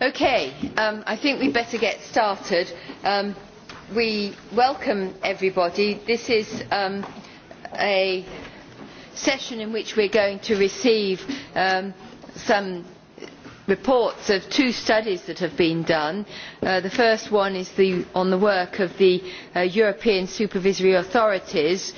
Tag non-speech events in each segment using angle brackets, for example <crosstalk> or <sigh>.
Okay, um, I think we better get started. Um, we welcome everybody. This is um, a session in which we are going to receive um, some reports of two studies that have been done. Uh, the first one is the, on the work of the uh, European supervisory authorities uh,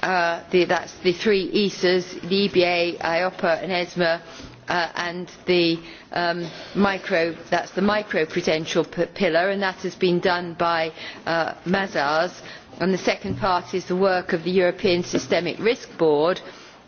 That uh, the, the three ESAs, the EBA, IOPA and ESMA, uh, and the um, micro, the micro-prudential pillar, and that has been done by uh, Mazars. the second part is the work of the European Systemic Risk Board,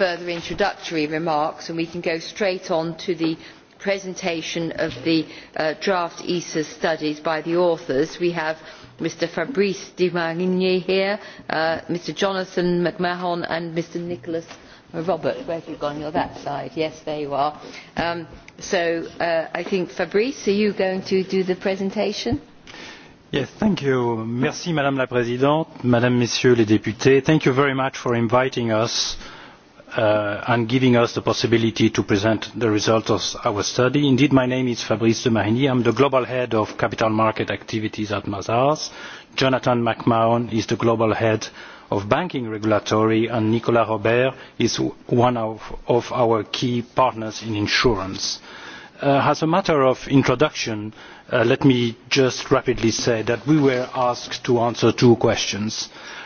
further introductory remarks and we can go straight on to the presentation of the uh, draft ESA studies by the authors. We have Mr Fabrice de Marigny here, uh, Mr Jonathan McMahon and Mr Nicholas Robert. Where have you gone? You're that side. Yes, there you are. Um, so uh, I think Fabrice, are you going to do the presentation? Yes, thank you. Merci, Madame la Présidente, Madame, Messieurs les députés. Thank you very much for inviting us Uh, and giving us the possibility to present the results of our study. Indeed, my name is Fabrice de Marigny. I am the Global Head of Capital Market Activities at Mazars. Jonathan McMahon is the Global Head of Banking Regulatory and Nicolas Robert is one of, our key partners in insurance. Uh, as a matter of introduction, uh, let me just rapidly say that we were asked to answer two questions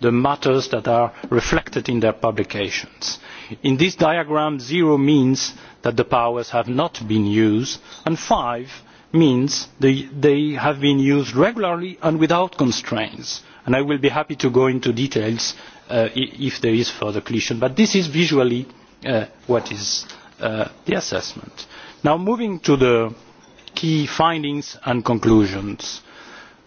the matters that are reflected in their publications. in this diagram zero means that the powers have not been used and five means they, they have been used regularly and without constraints. i will be happy to go into details uh, if there is further collision but this is visually uh, what is uh, the assessment. now moving to the key findings and conclusions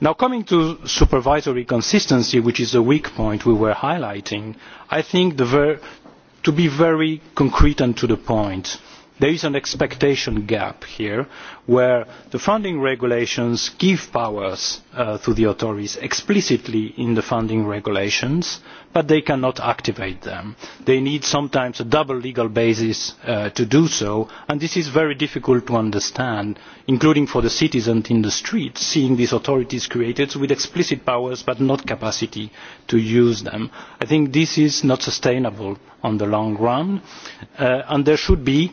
now coming to supervisory consistency which is the weak point we were highlighting i think to be very concrete and to the point there is an expectation gap here where the funding regulations give powers uh, to the authorities explicitly in the funding regulations but they cannot activate them. they need sometimes a double legal basis uh, to do so and this is very difficult to understand including for the citizens in the streets seeing these authorities created with explicit powers but not capacity to use them. i think this is not sustainable on the long run uh, and there should be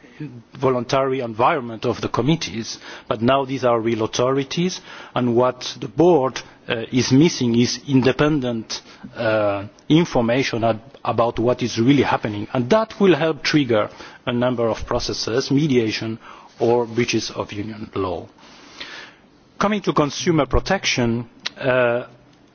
voluntary environment of the committees but now these are real authorities and what the board uh, is missing is independent uh, information about what is really happening and that will help trigger a number of processes mediation or breaches of union law. coming to consumer protection uh,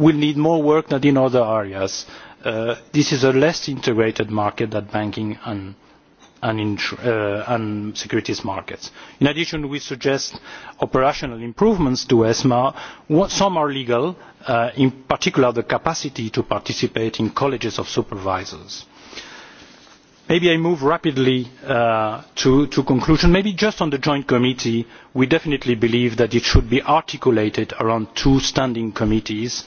will need more work than in other areas. Uh, this is a less integrated market than banking and, uh, and, securities markets. in addition we suggest operational improvements to esma. some are legal uh, in particular the capacity to participate in colleges of supervisors. maybe i move rapidly to, to conclusion. maybe just on the joint committee we definitely believe that it should be articulated around two standing committees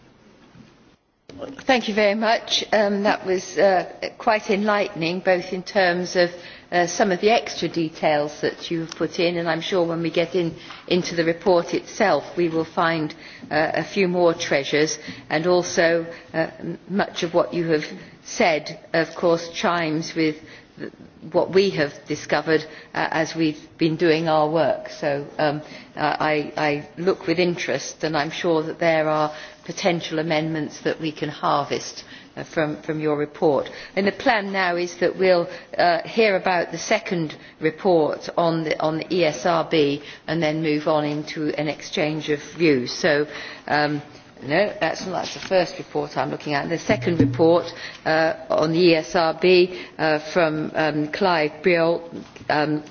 Thank you very much. Um, that was uh, quite enlightening, both in terms of uh, some of the extra details that you have put in, and I'm sure when we get in, into the report itself we will find uh, a few more treasures, and also much of what you have said, of course, chimes with what we have discovered as we have been doing our work so um, I, i look with interest and i am sure that there are potential amendments that we can harvest uh, from, your report. the plan now is that we will uh, hear about the second report on the, esrb e and then move on into an exchange of views. so no um, no that's not the first report i'm looking at the second report uh, on the esrb from um, clive Briol, um,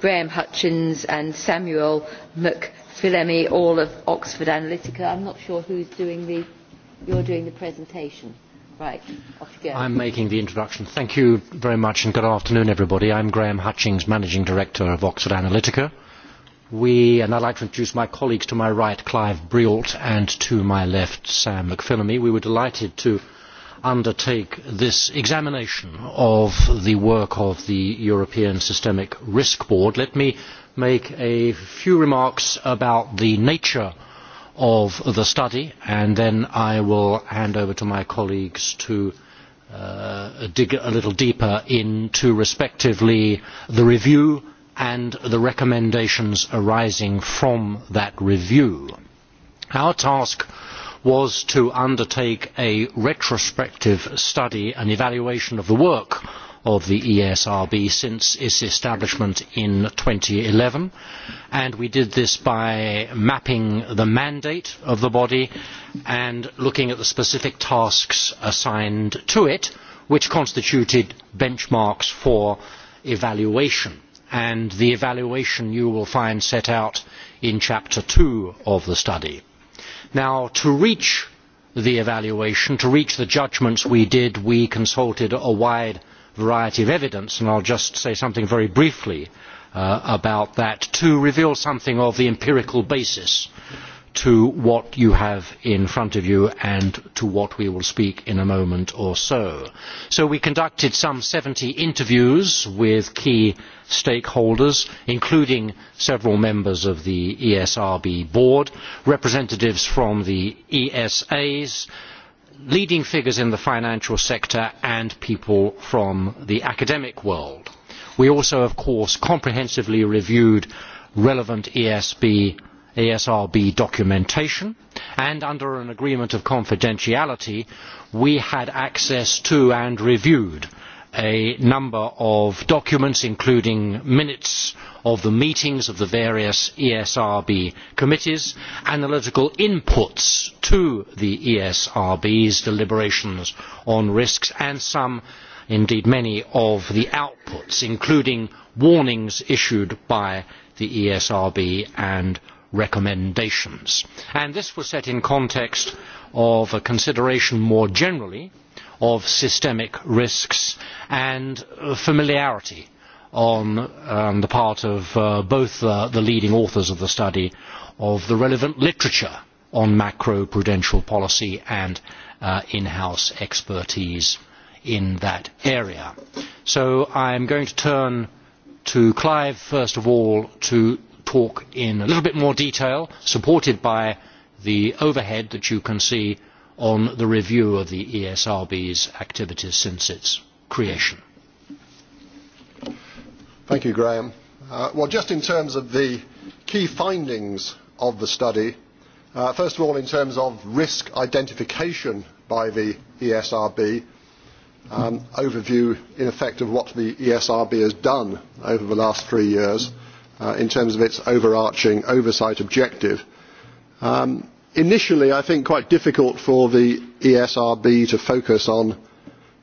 graham hutchins and samuel mc Philemi, all of Oxford Analytica. I'm not sure who's doing the, you're doing the presentation. Right, off you go. I'm making the introduction. Thank you very much and good afternoon everybody. I'm Graham Hutchings, Managing Director of Oxford Analytica. We, and I'd like to introduce my colleagues to my right, Clive Brialt, and to my left, Sam McPhillamy. We were delighted to undertake this examination of the work of the European Systemic Risk Board. Let me make a few remarks about the nature of the study and then I will hand over to my colleagues to uh, dig a little deeper into respectively the review and the recommendations arising from that review. Our task was to undertake a retrospective study an evaluation of the work of the ESRB since its establishment in 2011 and we did this by mapping the mandate of the body and looking at the specific tasks assigned to it which constituted benchmarks for evaluation and the evaluation you will find set out in chapter 2 of the study. Now to reach the evaluation, to reach the judgments we did, we consulted a wide variety of evidence and I'll just say something very briefly uh, about that to reveal something of the empirical basis to what you have in front of you and to what we will speak in a moment or so. So we conducted some 70 interviews with key stakeholders, including several members of the ESRB board, representatives from the ESAs, leading figures in the financial sector and people from the academic world. We also, of course, comprehensively reviewed relevant ESRB e documentation and under an agreement of confidentiality we had access to and reviewed a number of documents including minutes of the meetings of the various ESRB committees, analytical inputs to the ESRB's deliberations on risks and some, indeed many, of the outputs, including warnings issued by the ESRB and recommendations. this was set in context of a consideration more generally of systemic risks and familiarity on um, the part of uh, both uh, the leading authors of the study of the relevant literature on macro prudential policy and uh, in house expertise in that area. So I am going to turn to Clive first of all to talk in a little bit more detail, supported by the overhead that you can see on the review of the ESRB's activities since its creation. Thank you, Graham. Uh, well, just in terms of the key findings of the study, uh, first of all, in terms of risk identification by the ESRB, um, overview, in effect, of what the ESRB has done over the last three years uh, in terms of its overarching oversight objective. Um, initially, I think, quite difficult for the ESRB to focus on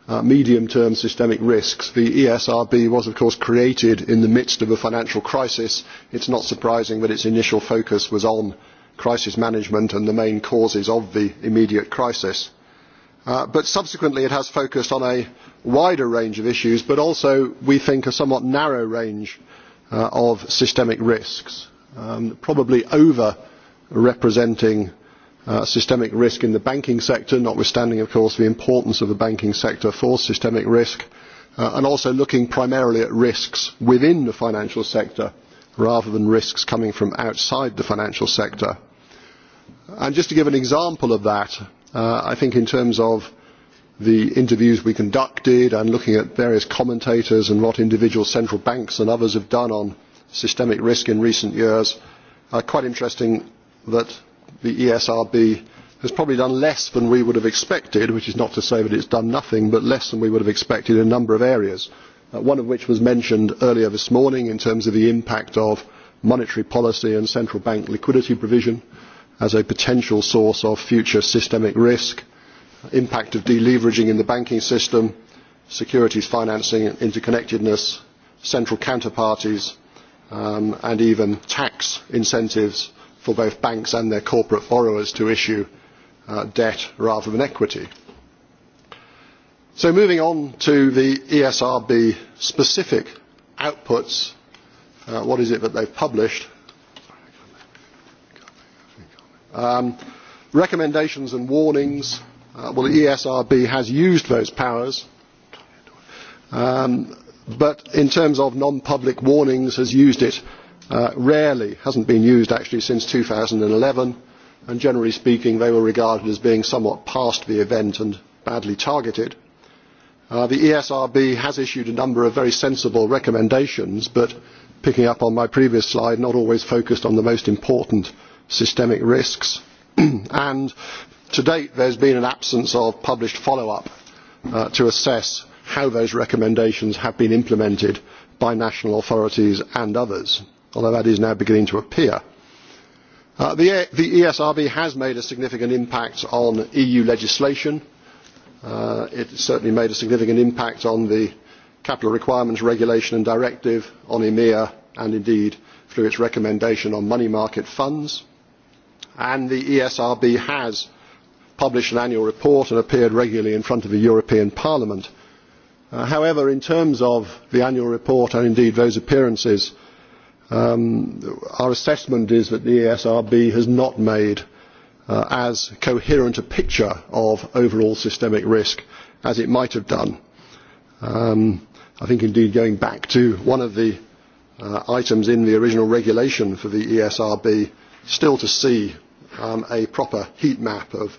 Uh, medium term systemic risks. the esrb was of course created in the midst of a financial crisis. It's not surprising that its initial focus was on crisis management and the main causes of the immediate crisis. Uh, but subsequently it has focused on a wider range of issues but also we think a somewhat narrow range uh, of systemic risks um, probably over representing Uh, systemic risk in the banking sector, notwithstanding, of course, the importance of the banking sector for systemic risk, uh, and also looking primarily at risks within the financial sector rather than risks coming from outside the financial sector. And just to give an example of that, uh, I think in terms of the interviews we conducted and looking at various commentators and what individual central banks and others have done on systemic risk in recent years, quite interesting that the ESRB has probably done less than we would have expected, which is not to say that it's done nothing, but less than we would have expected in a number of areas, uh, one of which was mentioned earlier this morning in terms of the impact of monetary policy and central bank liquidity provision as a potential source of future systemic risk, impact of deleveraging in the banking system, securities financing and interconnectedness, central counterparties, um, and even tax incentives for both banks and their corporate borrowers to issue uh, debt rather than equity. So moving on to the ESRB specific outputs, uh, what is it that they've published? Um, recommendations and warnings. Uh, well, the ESRB has used those powers, um, but in terms of non-public warnings has used it uh, rarely hasn't been used actually since 2011 and generally speaking they were regarded as being somewhat past the event and badly targeted uh, the esrb has issued a number of very sensible recommendations but picking up on my previous slide not always focused on the most important systemic risks <clears throat> and to date there has been an absence of published follow up uh, to assess how those recommendations have been implemented by national authorities and others although that is now beginning to appear. Uh, the, ESRB e has made a significant impact on EU legislation. Uh, it certainly made a significant impact on the Capital Requirements Regulation and Directive, on EMEA and indeed through its recommendation on money market funds. And the ESRB has published an annual report and appeared regularly in front of the European Parliament. Uh, however, in terms of the annual report and indeed those appearances, Um, our assessment is that the ESRB has not made uh, as coherent a picture of overall systemic risk as it might have done. Um, I think indeed going back to one of the uh, items in the original regulation for the ESRB, still to see um, a proper heat map of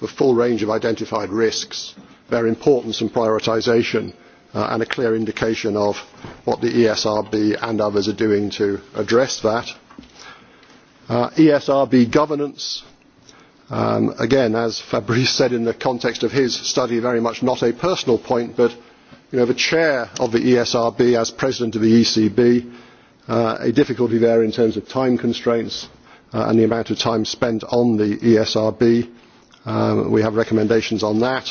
the full range of identified risks, their importance and prioritisation Uh, and a clear indication of what the ESRB and others are doing to address that. Uh, ESRB governance, um, again, as Fabrice said in the context of his study, very much not a personal point, but you know, the chair of the ESRB as president of the ECB, uh, a difficulty there in terms of time constraints and the amount of time spent on the ESRB. Um, we have recommendations on that.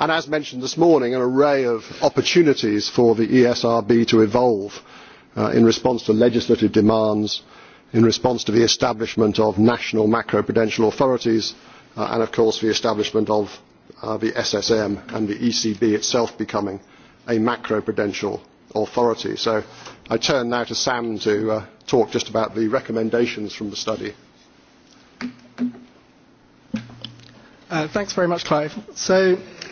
and as mentioned this morning an array of opportunities for the esrb to evolve uh, in response to legislative demands in response to the establishment of national macroprudential authorities uh, and of course the establishment of uh, the ssm and the ecb itself becoming a macroprudential authority. so i turn now to sam to talk just about the recommendations from the study. thanks very much clive.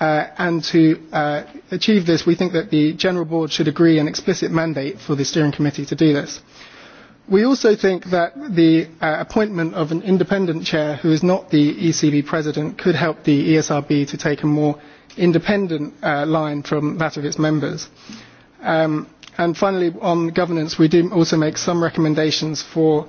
Uh, and to uh, achieve this, we think that the General Board should agree an explicit mandate for the Steering Committee to do this. We also think that the uh, appointment of an independent chair who is not the ECB president could help the ESRB to take a more independent line from that of its members. Um, and finally, on governance, we do also make some recommendations for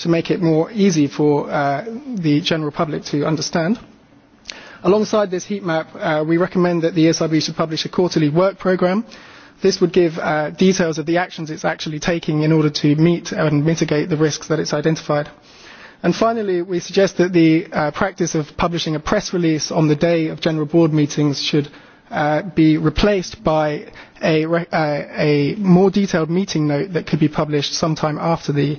to make it more easy for uh, the general public to understand. Alongside this heat map, uh, we recommend that the ESRB should publish a quarterly work programme. This would give uh, details of the actions it's actually taking in order to meet and mitigate the risks that it's identified. And finally, we suggest that the uh, practice of publishing a press release on the day of general board meetings should be replaced by a, a more detailed meeting note that could be published sometime after the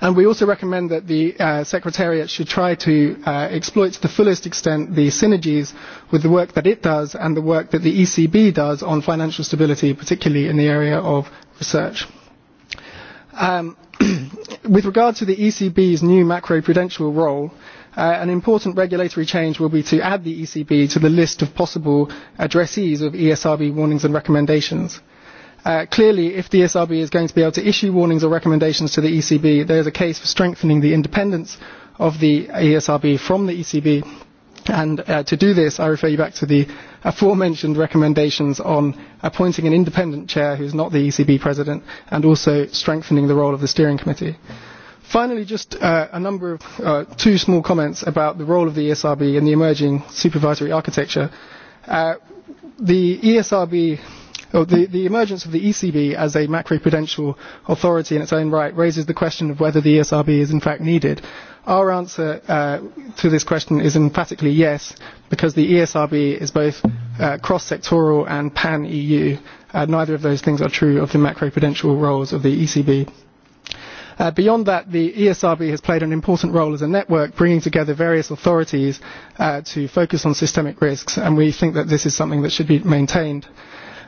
and we also recommend that the uh, secretariat should try to uh, exploit to the fullest extent the synergies with the work that it does and the work that the ecb does on financial stability particularly in the area of research. Um, <clears throat> with regard to the ecb's new macroprudential role uh, an important regulatory change will be to add the ecb to the list of possible addressees of esrb warnings and recommendations Uh, clearly, if the ESRB is going to be able to issue warnings or recommendations to the ECB, there is a case for strengthening the independence of the ESRB from the ECB. And uh, to do this, I refer you back to the aforementioned recommendations on appointing an independent chair who is not the ECB president and also strengthening the role of the steering committee. Finally, just uh, a number of two small comments about the role of the ESRB in the emerging supervisory architecture. the ESRB the, the emergence of the ECB as a macroprudential authority in its own right raises the question of whether the ESRB is in fact needed. Our answer uh, to this question is emphatically yes, because the ESRB is both uh, cross-sectoral and pan-EU. Uh, neither of those things are true of the macroprudential roles of the ECB. beyond that, the ESRB has played an important role as a network, bringing together various authorities to focus on systemic risks, and we think that this is something that should be maintained.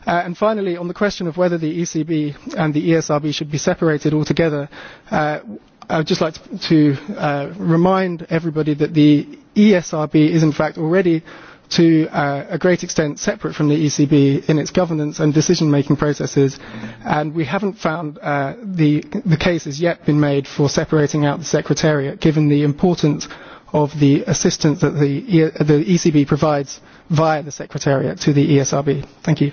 Uh, and finally, on the question of whether the ECB and the ESRB should be separated altogether, uh, I would just like to, uh, remind everybody that the ESRB is in fact already to a great extent separate from the ECB in its governance and decision-making processes, and we haven't found the, the case has yet been made for separating out the Secretariat, given the importance of the assistance that the, e, the ECB provides via the Secretariat to the ESRB. Thank you.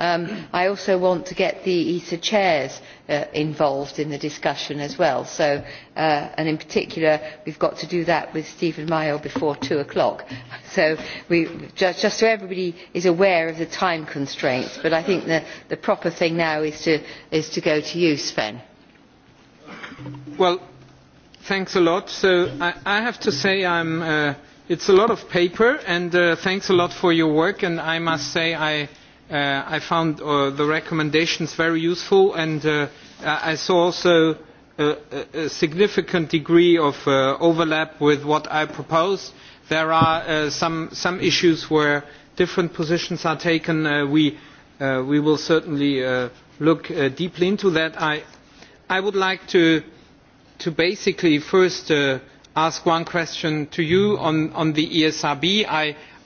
Um, I also want to get the ESA chairs uh, involved in the discussion as well. Uh, and in particular, we've got to do that with Stephen Mayo before two o'clock. <laughs> So, just, so everybody is aware of the time constraints. But I think the, proper thing now is to, go to you, Sven. Well, thanks a lot. So, I, have to say uh, it is a lot of paper, and thanks a lot for your work. And I must say I Uh, I found uh, the recommendations very useful and uh, I saw also a, significant degree of overlap with what I proposed. There are some, some issues where different positions are taken. We, we will certainly look deeply into that. I, I would like to, to basically first ask one question to you on, on the ESRB. I,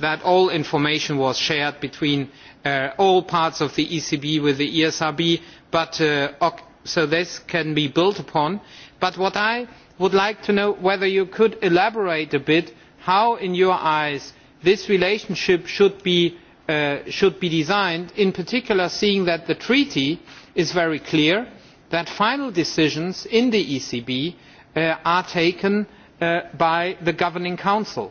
that all information was shared between uh, all parts of the ECB with the ESRB, uh, so this can be built upon. But what I would like to know is whether you could elaborate a bit how, in your eyes, this relationship uh, should be designed, in particular seeing that the Treaty is very clear that final decisions in the ECB are taken by the Governing Council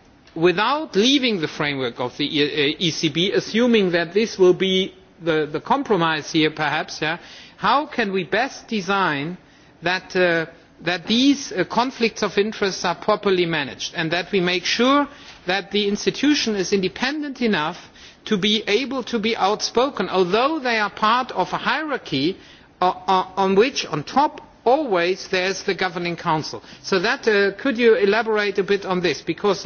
without leaving the framework of the ecb uh, e assuming that this will be the, compromise here perhaps how can we best design that, uh, these uh, conflicts of interest are properly managed and that we make sure that the institution is independent enough to be able to be outspoken although they are part of a hierarchy on which on top always there is the governing council. so that, could you elaborate a bit on this because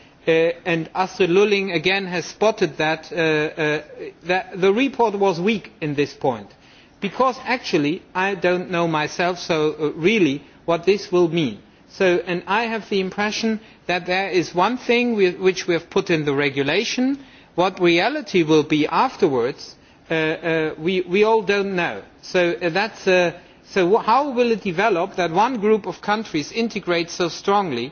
Uh, and astrid lulling again has spotted that, uh, uh, the report was weak at this point because actually i do not know myself so really what this will mean. and i have the impression that there is one thing which we have put in the regulation what reality will be afterwards we, all do not know. so how will it develop that one group of countries integrates so strongly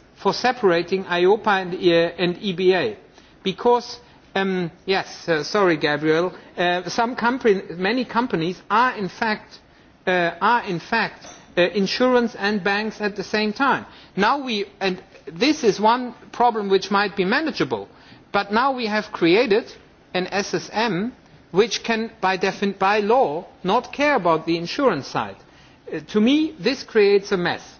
for separating IOPA and, EBA e because um, yes, uh, sorry Gabriel, uh, many companies are in fact, uh, insurance and banks at the same time. this is one problem which might be manageable, but now we have created an SSM which can by, law not care about the insurance side. to me this creates a mess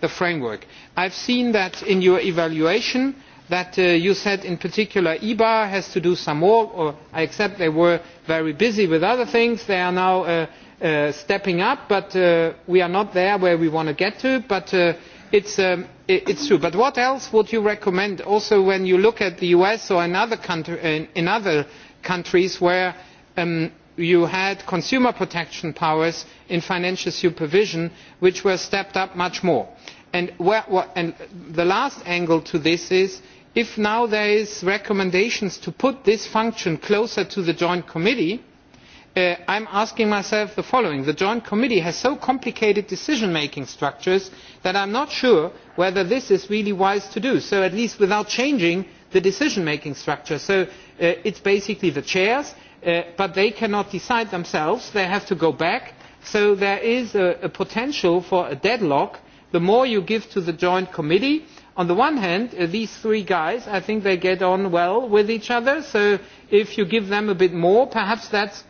the framework. i have seen that in your evaluation that uh, you said in particular eba has to do some more or i accept they were very busy with other things they are now uh, uh, stepping up but we are not there where we want to get to but um, it is true. but what else would you recommend also when you look at the us or in other countries where um, you had consumer protection powers in financial supervision which were stepped up much more. the last angle to this is if now there are recommendations to put this function closer to the joint committee uh, i am asking myself the following the joint committee has so complicated decision making structures that i am not sure whether this is really wise to do so at least without changing the decision making structure. so uh, it is basically the chairs Uh, but they cannot decide themselves they have to go back so there is a, potential for a deadlock the more you give to the joint committee on the one hand uh, these three guys i think they get on well with each other so if you give them a bit more perhaps that's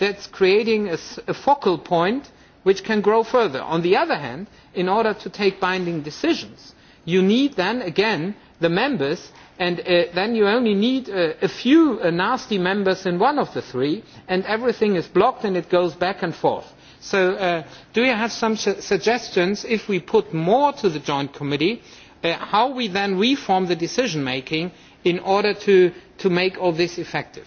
is creating a focal point which can grow further. on the other hand in order to take binding decisions you need then again the members and uh, then you only need uh, a few uh, nasty members in one of the three and everything is blocked and it goes back and forth. so do you have some suggestions if we put more to the joint committee how we then reform the decision making in order to make all this effective?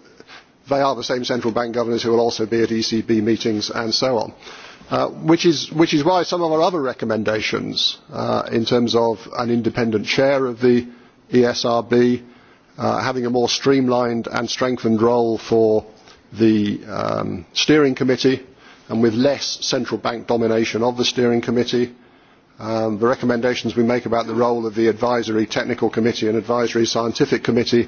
they are the same central bank governors who will also be at ECB meetings and so on. Uh, which, is, why some of our other recommendations uh, in terms of an independent chair of the ESRB, uh, having a more streamlined and strengthened role for the um, steering committee and with less central bank domination of the steering committee, um, the recommendations we make about the role of the advisory technical committee and advisory scientific committee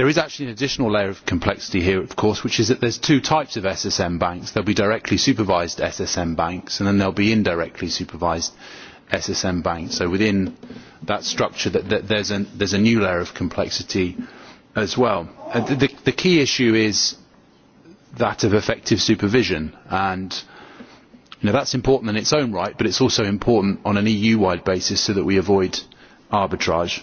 There is actually an additional layer of complexity here, of course, which is that there's two types of SSM banks. There will be directly supervised SSM banks, and then there will be indirectly supervised SSM banks. So within that structure, that, that there's, there's a new layer of complexity as well. the, key issue is that of effective supervision, and you that's important in its own right, but it's also important on an EU-wide basis so that we avoid arbitrage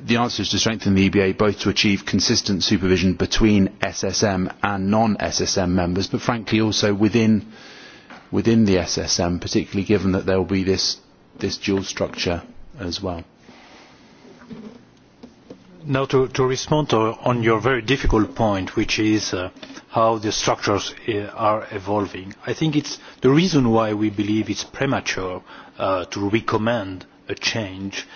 the answer is to strengthen the EBA both to achieve consistent supervision between SSM and non-SSM members, but frankly also within, the SSM, particularly given that there will be this, dual structure as well. Now to, respond to, on your very difficult point, which is uh, how the structures uh, are evolving. I think it's the reason why we believe it's premature uh, to recommend a change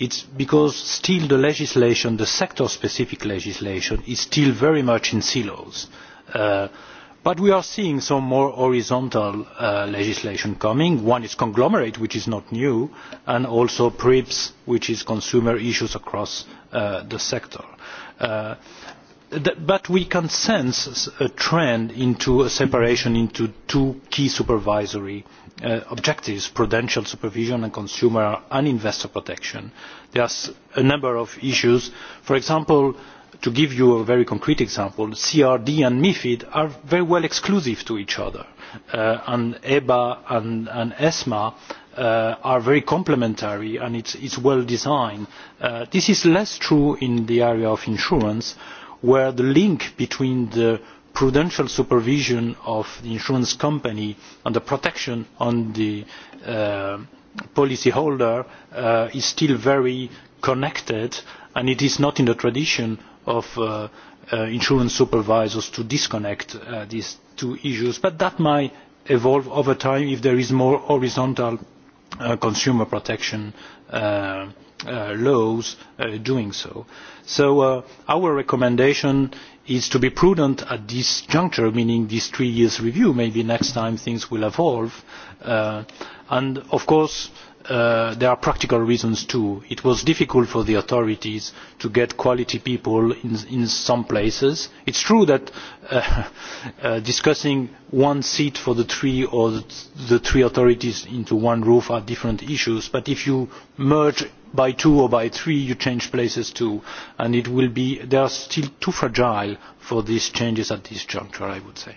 it is because still the legislation the sector specific legislation is still very much in silos uh, but we are seeing some more horizontal uh, legislation coming one is conglomerate which is not new and also prips which is consumer issues across uh, the sector but we can sense a trend into a separation into two key supervisory uh, objectives prudential supervision and consumer and investor protection. there are a number of issues for example to give you a very concrete example crd and mifid are very well exclusive to each other uh, and eba and, esma uh, are very complementary and it is well designed. this is less true in the area of insurance where the link between the prudential supervision of the insurance company and the protection on the policy uh, policyholder uh, is still very connected and it is not in the tradition of uh, insurance supervisors to disconnect these two issues but that might evolve over time if there is more horizontal consumer protection laws doing so so uh, our recommendation is to be prudent at this juncture meaning this three year review maybe next time things will evolve uh, and of course Uh, there are practical reasons too. It was difficult for the authorities to get quality people in, some places. It is true that uh, <laughs> uh, discussing one seat for the three or the three authorities into one roof are different issues, but if you merge by two or by three you change places too and it will be they are still too fragile for these changes at this juncture, I would say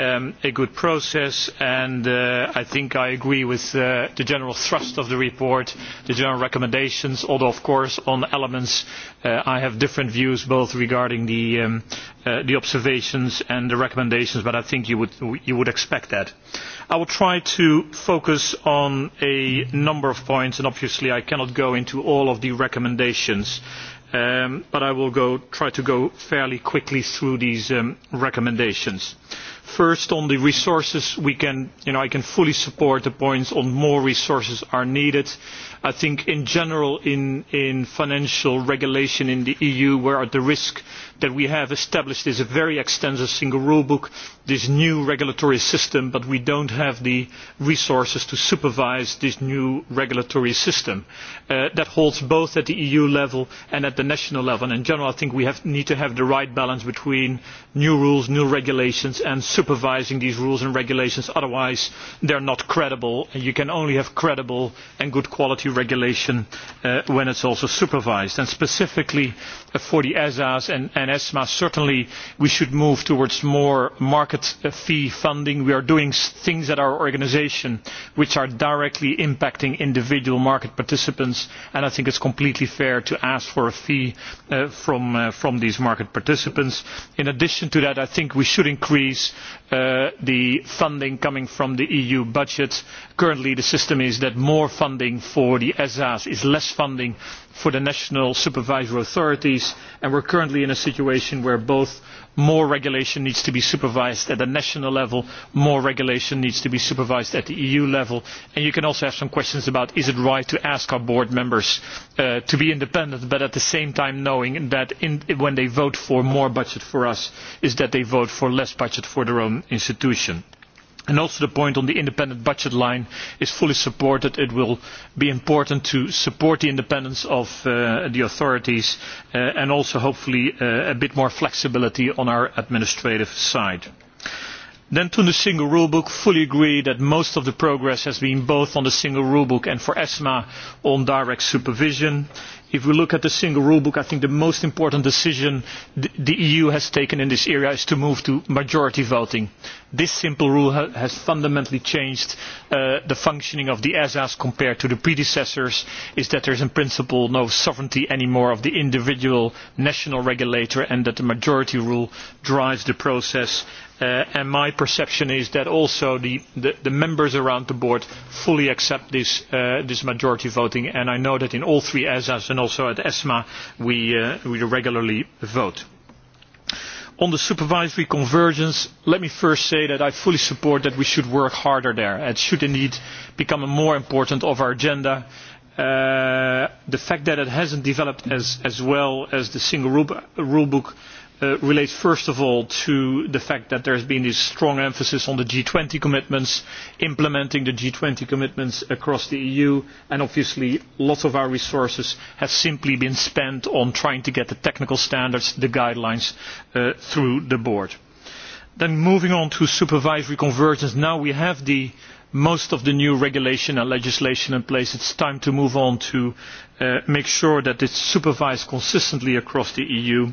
Um, a good process and uh, I think I agree with uh, the general thrust of the report, the general recommendations, although of course on elements uh, I have different views both regarding um, the, observations and the recommendations, but I think you would, expect that. I will try to focus on a number of points and obviously I cannot go into all of the recommendations. Um, but I will go, try to go fairly quickly through these recommendations first on the resources we can, you know, i can fully support the points on more resources are needed i think in general in, in financial regulation in the eu we are at the risk that we have established this very extensive single rule book this new regulatory system but we do not have the resources to supervise this new regulatory system. Uh, that holds both at the eu level and at the national level and in general i think we have, need to have the right balance between new rules new regulations and supervising these rules and regulations otherwise they are not credible and you can only have credible and good quality regulation uh, when it is also supervised and specifically uh, for the esas and, esma certainly we should move towards more market uh, fee funding. we are doing things at our organisation which are directly impacting individual market participants and i think it is completely fair to ask for a fee from these market participants. in addition to that i think we should increase the funding coming from the eu budget currently the system is that more funding for the esas is less funding for the national supervisory authorities and we are currently in a situation where both more regulation needs to be supervised at the national level more regulation needs to be supervised at the eu level and you can also have some questions about is it right to ask our board members uh, to be independent but at the same time knowing that when they vote for more budget for us is that they vote for less budget for their own institution also the point on the independent budget line is fully supported. It will be important to support the independence of uh, the authorities uh, and also hopefully uh, a bit more flexibility on our administrative side. Then to the single rule book, fully agree that most of the progress has been both on the single rule book and for ESMA on direct supervision. If we look at the single rule book, I think the most important decision the EU has taken in this area is to move to majority voting this simple rule has fundamentally changed uh, the functioning of the esas compared to the predecessors is that there is in principle no sovereignty anymore of the individual national regulator and that the majority rule drives the process uh, and my perception is that also the, members around the board fully accept this, uh, this majority voting and i know that in all three esas and also at esma we, we regularly vote on the supervisory convergence let me first say that i fully support that we should work harder there. it should indeed become more important of our agenda. Uh, the fact that it has not developed as, as well as the single rule book Uh, relates first of all to the fact that there has been this strong emphasis on the G20 commitments, implementing the G20 commitments across the EU, and obviously lots of our resources have simply been spent on trying to get the technical standards, the guidelines uh, through the board. Then moving on to supervisory convergence, now we have most of the new regulation and legislation in place it is time to move on to uh, make sure that it is supervised consistently across the eu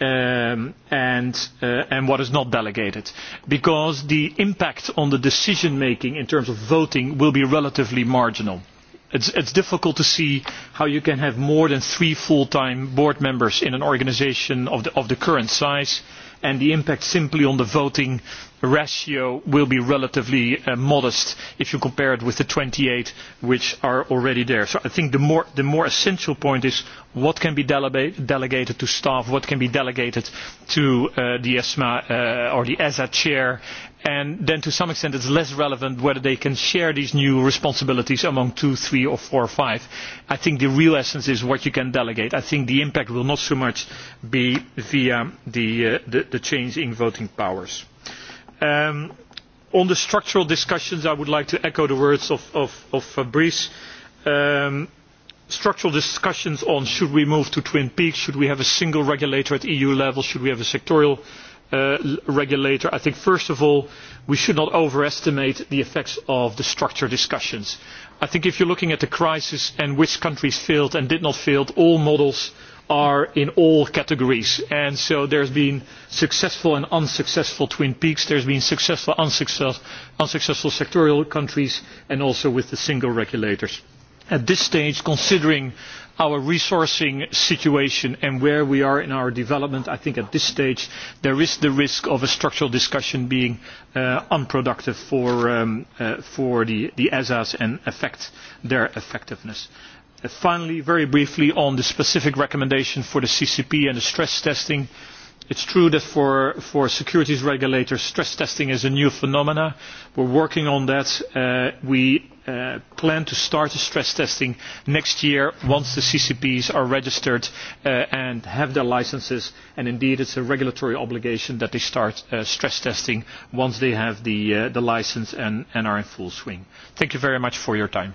Um, and, uh, and what is not delegated because the impact on the decision making in terms of voting will be relatively marginal. It is difficult to see how you can have more than three full-time board members in an organisation of the, current size and the impact simply on the voting ratio will be relatively uh, modest if you compare it with the twenty eight which are already there. so i think the more, the more essential point is what can be delegated to staff what can be delegated to uh, the esma uh, or the esa chair and then to some extent it is less relevant whether they can share these new responsibilities among two three or four or five. i think the real essence is what you can delegate. i think the impact will not so much be via the, uh, change in voting powers. Um, on the structural discussions i would like to echo the words of, fabrice. Um, structural discussions on should we move to twin peaks should we have a single regulator at eu level should we have a sectoral Uh, regulator i think first of all we should not overestimate the effects of the structure discussions. i think if you are looking at the crisis and which countries failed and did not fail all models are in all categories and so there have been successful and unsuccessful twin peaks there have been successful and unsuccessful sectoral countries and also with the single regulators. at this stage considering our resourcing situation and where we are in our development i think at this stage there is the risk of a structural discussion being uh, unproductive for, um, uh, the, esas and affect their effectiveness. Uh, finally very briefly on the specific recommendation for the ccp and the stress testing It is true that for, securities regulators stress testing is a new phenomenon. We are working on that. Uh, we uh, plan to start the stress testing next year once the CCPs are registered uh, and have their licences and indeed it is a regulatory obligation that they start stress testing once they have the, licence and are in full swing. Thank you very much for your time.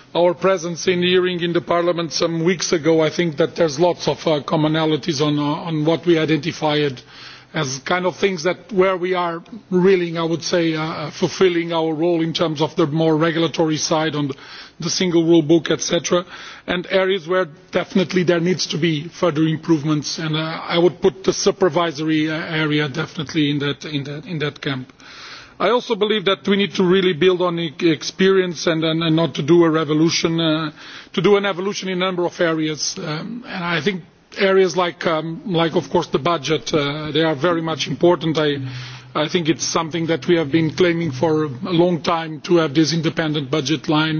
our presence in the hearing in parliament some weeks ago i think that there are lots of uh, commonalities uh, on, what we identified as kind of things where we are really i would say uh, fulfilling our role in terms of the more regulatory side on the single rule book etc and areas where definitely there needs to be further improvements and i would put the supervisory area definitely in that camp i also believe that we need to really build on e-, experience and, not to do a revolution uh, to do an evolution in a number of areas um, and i think areas like, um, like of course the budget uh, they are very much important i i think it is something that we have been claiming for a long time to have this independent budget line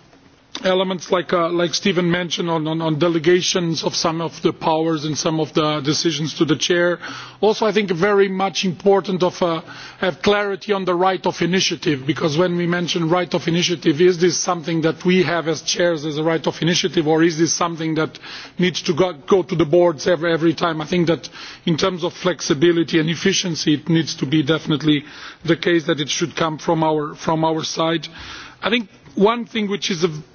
elements uh, like, Stephen mentioned on, delegations of some of the powers and some of the decisions to the chair. Also, I think very much important of uh, have clarity on the right of initiative because when we mention right of initiative, is this something that we have as chairs as a right of initiative or is this something that needs to go, to the boards every, time? I think that in terms of flexibility and efficiency, it needs to be definitely the case that it should come from our, from our side. I think one thing which is a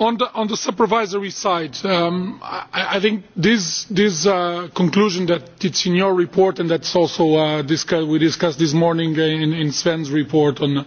on the, on the supervisory side um, I, i think this, this uh, conclusion that is in your report and that also uh, discuss, we discussed this morning in, in sven's report on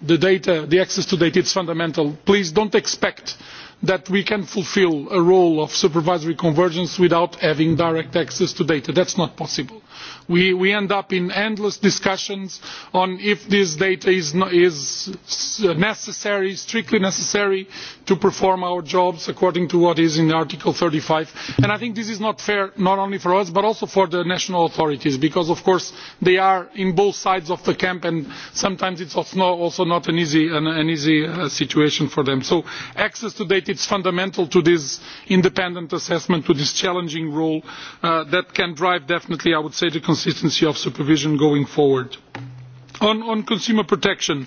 the data the access to data is fundamental. please do not expect that we can fulfil a role of supervisory convergence without having direct access to data. that is not possible. We, end up in endless discussions on if this data is necessary strictly necessary to perform our jobs according to what is in article thirty five and i think this is not fair not only for us but also for the national authorities because of course they are on both sides of the camp and sometimes it is also not an easy, an, easy uh, situation for them. so access to data is fundamental to this independent assessment to this challenging role uh, that can drive definitely i would say the consistency of supervision going forward. on consumer protection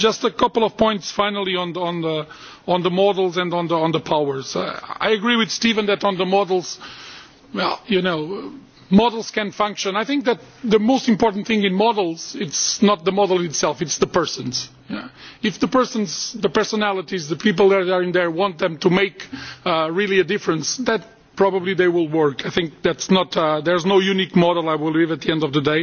just a couple of points finally on the, on the, on the models and on the, on the powers. Uh, i agree with stephen that on the models well you know models can function. i think that the most important thing in models is not the model itself it's the persons. if the, persons, the personalities the people that are in there want them to make uh, really a difference that probably they will work. i think that uh, there is no unique model i will leave at the end of the day.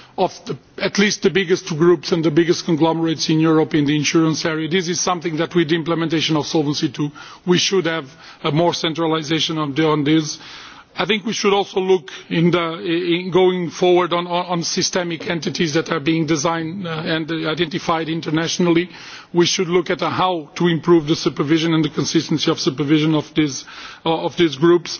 of at least the biggest groups and the biggest conglomerates in europe in the insurance area. this is something that with the implementation of solvency ii we should have a more centralisation on this. i think we should also look in the, going forward on, on systemic entities that are being designed uh, and identified internationally. we should look at how to improve the supervision and the consistency of supervision of these, uh, of these groups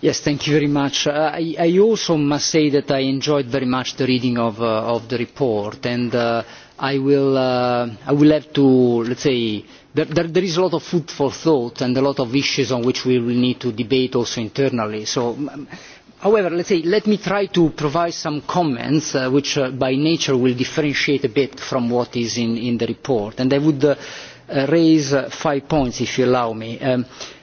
Yes, thank you very much. Uh, I, I also must say that I enjoyed very much the reading of, uh, of the report and uh, I, will, I will have to, let's say, there, there, is a lot of food for thought and a lot of issues on which we will need to debate also internally. So, however, let's say, let me try to provide some comments which by nature will differentiate a bit from what is in, the report. And I would raise five points, if you allow me. Um,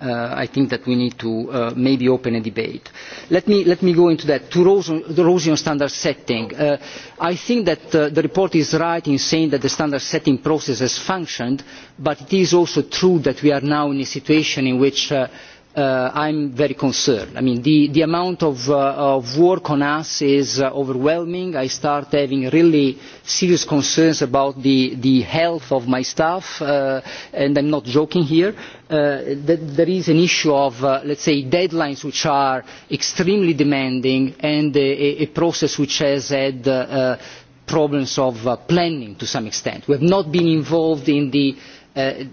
Uh, I think that we need to uh, maybe open a debate. Let me, let me go into that. To erosion standard setting, uh, I think that the report is right in saying that the standard setting process has functioned, but it is also true that we are now in a situation in which Uh, I am very concerned. the, amount uh, of, work on us is uh, overwhelming. I start having really serious concerns about the, health of my staff, and I am not joking here. there is an issue of, let's say, deadlines which are extremely demanding and a process which has had problems of planning to some extent. We have not been involved in the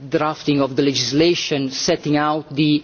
drafting of the legislation setting out the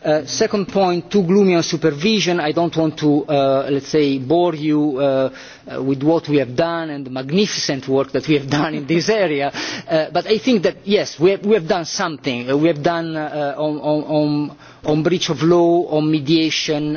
Uh, second point too gloomy on supervision i do not want to uh, let's bore you uh, with what we have done and the magnificent work that we have <laughs> done in this area but i think that yes we have, done something we have done on, on breach of law on mediation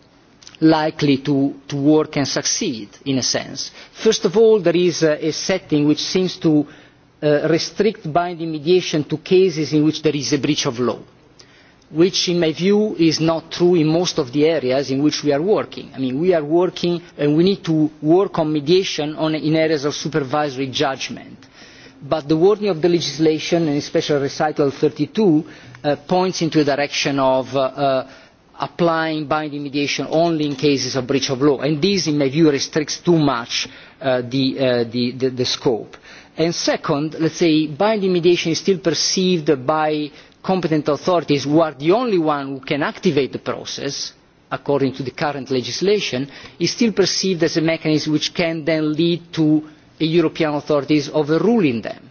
likely to, work and succeed in a sense. first of all there is a, setting which seems to uh, restrict binding mediation to cases in which there is a breach of law which in my view is not true in most of the areas in which we are working. I mean, we are working and we need to work on mediation in areas of supervisory judgment but the wording of the legislation and especially recital thirty two uh, points in the direction of uh, applying binding mediation only in cases of breach of law and this in my view restricts too much uh, uh, the, the, the, scope. And second let us say binding mediation is still perceived by competent authorities who are the only ones who can activate the process according to the current legislation is still perceived as a mechanism which can then lead to european authorities overruling them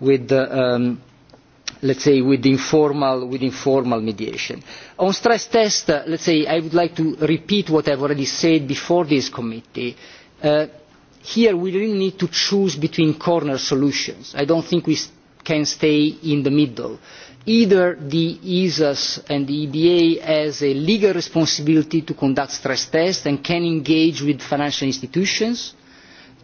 with um, let's say with informal with informal mediation on stress tests, uh, let's say i would like to repeat what have already said before this committee uh, here we really need to choose between corner solutions i don't think we can stay in the middle either the esas and the eba have a legal responsibility to conduct stress tests and can engage with financial institutions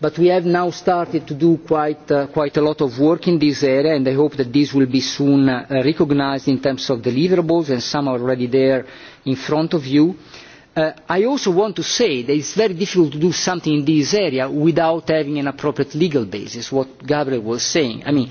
but we have now started to do quite, uh, quite a lot of work in this area and i hope that this will be soon uh, recognised in terms of deliverables and some are already there in front of you. Uh, i also want to say that it is very difficult to do something in this area without having an appropriate legal basis what gabriel was saying. i mean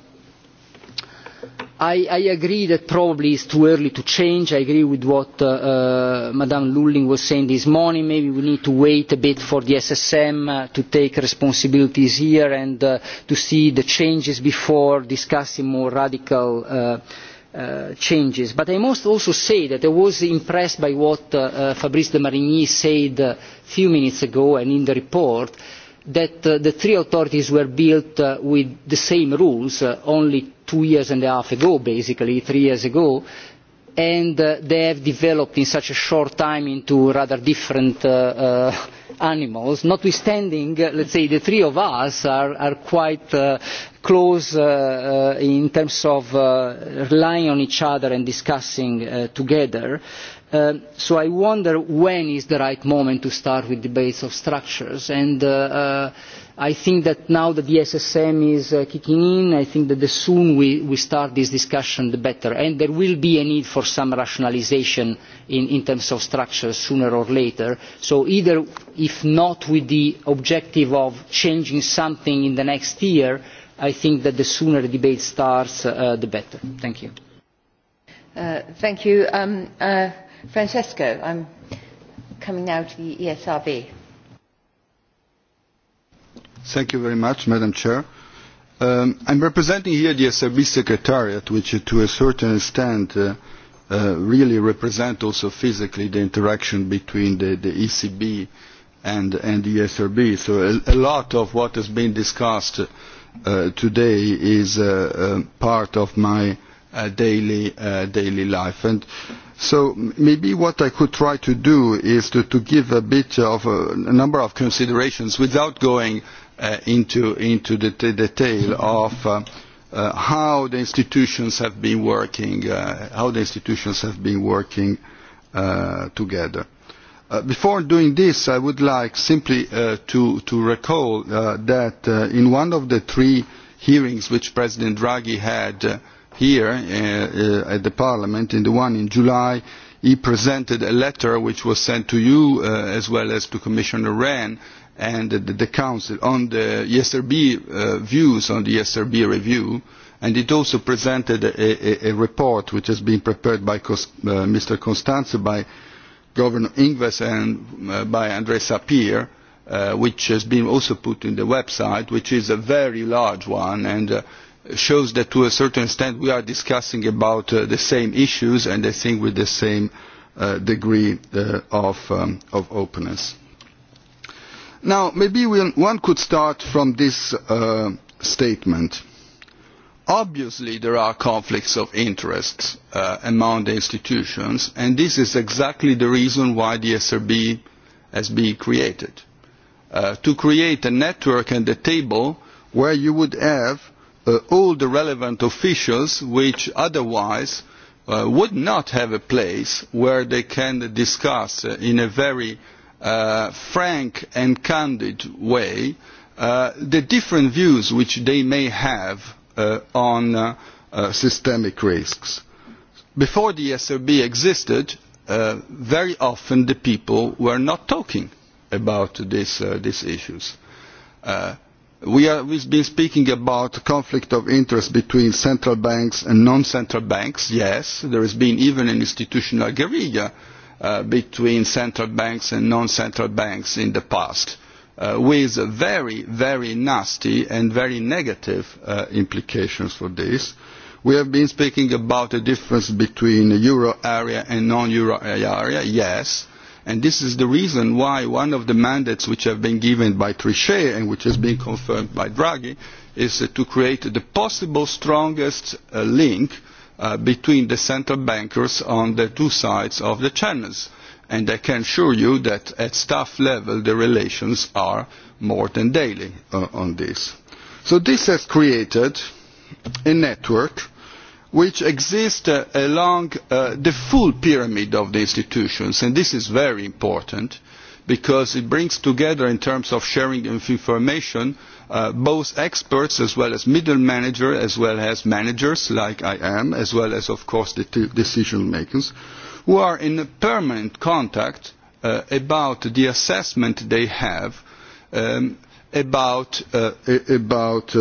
i, agree that probably it is too early to change i agree with what uh, uh, ms lulling was saying this morning maybe we need to wait a bit for the ssm uh, to take responsibilities here and to see the changes before discussing more radical changes. but i must also say that i was impressed by what fabrice de marigny said a few minutes ago and in the report that the three authorities were built with the same rules only two years and a half ago basically three years ago and uh, they have developed in such a short time into rather different uh, uh, animals notwithstanding uh, let's say the three of us are, are quite uh, close uh, in terms of relying on each other and discussing together. Um, so i wonder when is the right moment to start with debates of structures and i think that now that the SSM is uh, kicking in, I think that the sooner we, start this discussion, the better. And there will be a need for some rationalization in, in terms of structure sooner or later. So either, if not with the objective of changing something in the next year, I think that the sooner the debate starts, uh, the better. Thank you. Uh, thank you. Um, uh, Francesco, I'm coming now to the ESRB. Thank you very much, Madam Chair. Um, I'm representing here the SRB Secretariat, which to a certain extent uh, uh, really represents also physically the interaction between the, ECB e and, the SRB. So a, lot of what has been discussed uh, today is um, part of my daily, daily life. And so maybe what I could try to do is to, to give a bit of a number of considerations without going Uh, into, into the detail of uh, uh, how the institutions have been working how the institutions have been working together before doing this i would like simply to to recall that in one of the three hearings which president draghi had here at the parliament in the one in july he presented a letter which was sent to you as well as to commissioner rehn and the, the Council on the ESRB uh, views on the ESRB review, and it also presented a, a, a report which has been prepared by Cos, uh, Mr. Constanze, by Governor Ingves and uh, by Andre Sapir, uh, which has been also put on the website, which is a very large one and uh, shows that to a certain extent we are discussing about uh, the same issues and I think with the same degree of, um, of openness now maybe one could start from this uh, statement obviously there are conflicts of interest uh, among the institutions and this is exactly the reason why the srb has been created uh, to create a network and a table where you would have all the relevant officials which otherwise would not have a place where they can discuss in a very Uh, frank and candid way uh, the different views which they may have uh, on systemic risks. Before the SRB existed, very often the people were not talking about these issues. We have been speaking about conflict of interest between central banks and non central banks. Yes, there has been even an institutional guerrilla Uh, between central banks and non central banks in the past uh, with very very nasty and very negative uh, implications for this. we have been speaking about the difference between the euro area and non euro area yes and this is the reason why one of the mandates which have been given by trichet and which has been confirmed by draghi is to create the possible strongest link Uh, between the central bankers on the two sides of the channels and i can assure you that at staff level the relations are more than daily uh, on this. so this has created a network which exists uh, along uh, the full pyramid of the institutions and this is very important because it brings together in terms of sharing of information Uh, both experts as well as middle managers, as well as managers like I am, as well as of course the decision makers, who are in permanent contact uh, about the assessment they have um, about, uh, about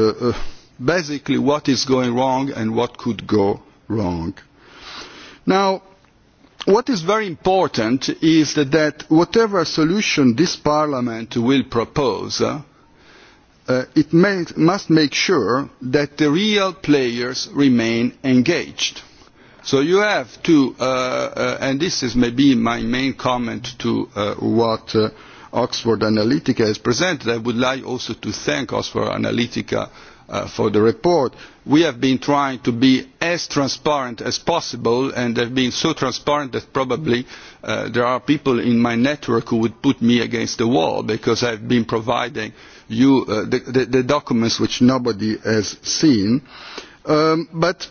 basically what is going wrong and what could go wrong. Now, what is very important is that whatever solution this parliament will propose Uh, it must make sure that the real players remain engaged. So you have to, uh, uh, and this is maybe my main comment to what Oxford Analytica has presented. I would like also to thank Oxford Analytica for the report. We have been trying to be as transparent as possible and have been so transparent that probably there are people in my network who would put me against the wall because I have been providing you, uh, the, the, the documents which nobody has seen. Um, but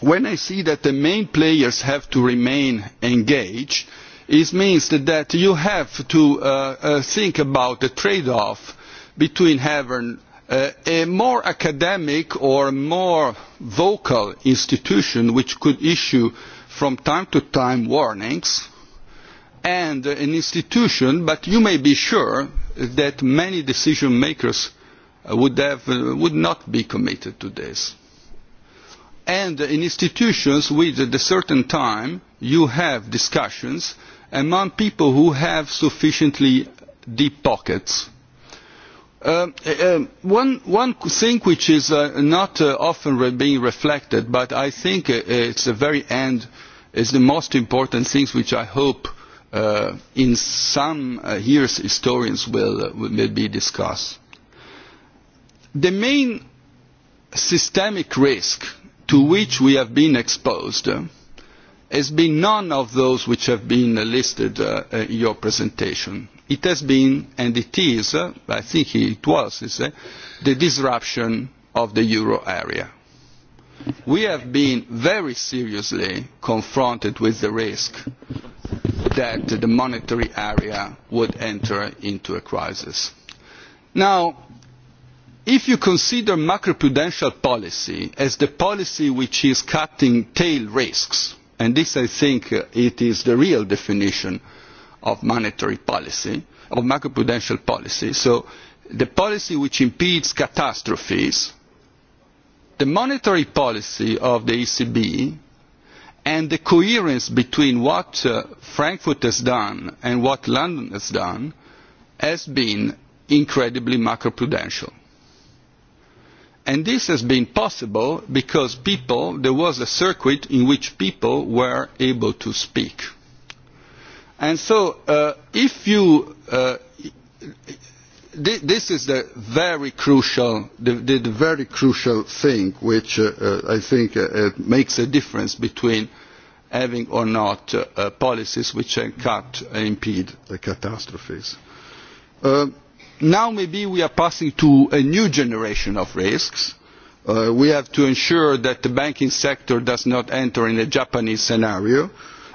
when I see that the main players have to remain engaged, it means that you have to uh, uh, think about the trade off between having uh, a more academic or more vocal institution which could issue from time to time warnings and an institution but you may be sure that many decision makers uh, would, have, uh, would not be committed to this. And in institutions with at a certain time you have discussions among people who have sufficiently deep pockets. Uh, uh, um, one, one thing which is uh, not uh, often re being reflected, but I think it's the very end is the most important thing which I hope uh, in some uh, years historians will, uh, will be discussed. The main systemic risk to which we have been exposed uh, has been none of those which have been listed uh, in your presentation. It has been, and it is, uh, I think it was, is, the disruption of the euro area we have been very seriously confronted with the risk that the monetary area would enter into a crisis. Now, if you consider macroprudential policy as the policy which is cutting tail risks, and this I think uh, it is the real definition of monetary policy, of macroprudential policy, so the policy which impedes catastrophes the monetary policy of the ecb and the coherence between what uh, frankfurt has done and what london has done has been incredibly macroprudential and this has been possible because people there was a circuit in which people were able to speak and so uh, if you uh, this is the very crucial, the, very crucial thing which uh, uh, I think uh, makes a difference between having or not policies which can cut and impede the catastrophes. now maybe we are passing to a new generation of risks. we have to ensure that the banking sector does not enter in a Japanese scenario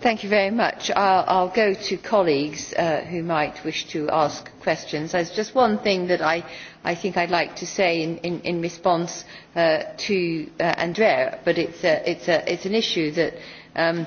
Thank you very much. I'll, I'll go to colleagues uh, who might wish to ask questions. There is just one thing that I, I think I'd like to say in, in, response uh, to uh, Andrea, but it's, a, it's, an issue that um,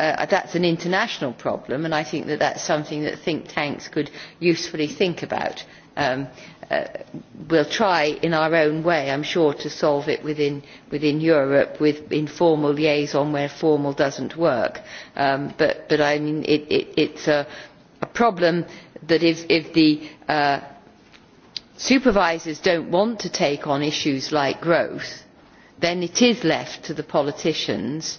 Uh, that is an international problem and i think that is something that think tanks could usefully think about um, uh, We will try in our own way I am sure to solve it within europe with informal liaison where formal does not work um, but it, is a, problem that if the uh, supervisors supervisors not want to take on issues like growth then it is left to the politicians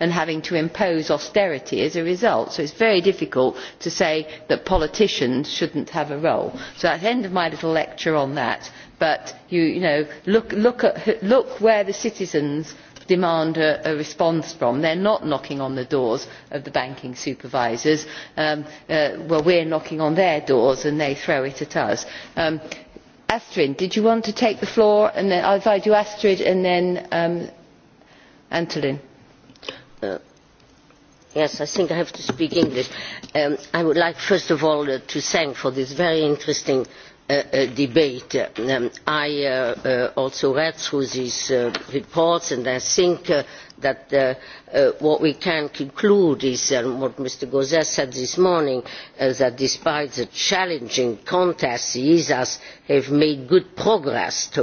and having to impose austerity as a result. so it is very difficult to say that politicians should not have a role. so that is the end of my little lecture on that but you, look, where the citizens demand a, response from. they are not knocking on the doors of the banking supervisors um, uh, well we are knocking on their doors and they throw it at us. Um, astrid did you want to take the floor and i will invite you astrid and then um, antolin. Uh, yes, I think I have to speak English. Um, I would like first of all uh, to thank for this very interesting uh, debate. Um, i also read through these reports and i think that what we can conclude is what mr gauzs said this morning that despite the challenging context the esas have made good progress to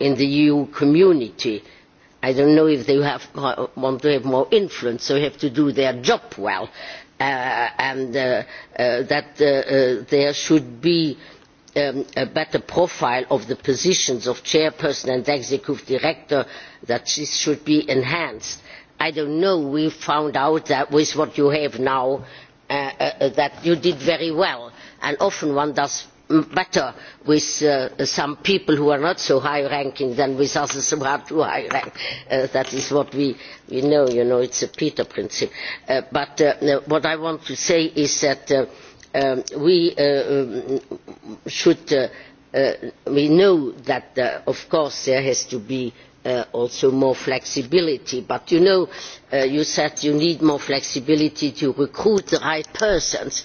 in the eu community. i don't know if they have, uh, want to have more influence so they have to do their job well uh, and uh, that there should be um, a better profile of the positions of chairperson and executive director that this should be enhanced. i don't know we found out that with what you have now that you did very well and often one does better with uh, some people who are not so high ranking than with others who are too high rank. Uh, that is what we, know, you know, it's a Peter principle. Uh, but what I want to say is that um, we um, should, we know that of course there has to be also more flexibility but you know you said you need more flexibility to recruit the right persons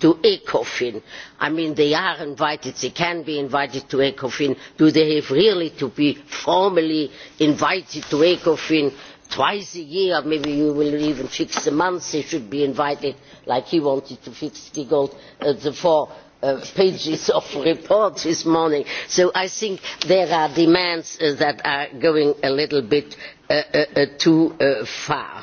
to ecofin. i mean they are invited they can be invited to ecofin. do they have really to be formally invited to ecofin twice a year maybe you will even fix the months they should be invited like he wanted to fix Giegold, uh, the four uh, pages <laughs> of report this morning. so i think there are demands uh, that are going a little bit too far.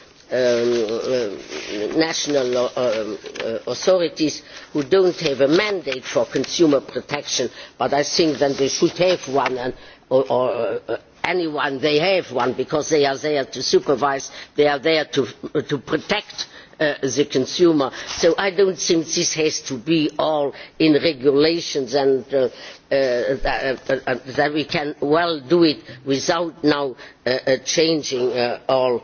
Um, national uh, uh, authorities who do not have a mandate for consumer protection but i think that they should have one or, uh, anyone they have one because they are there to supervise they are there to, protect the consumer. so i do think this has to be all in regulations and that we can well do it without now changing all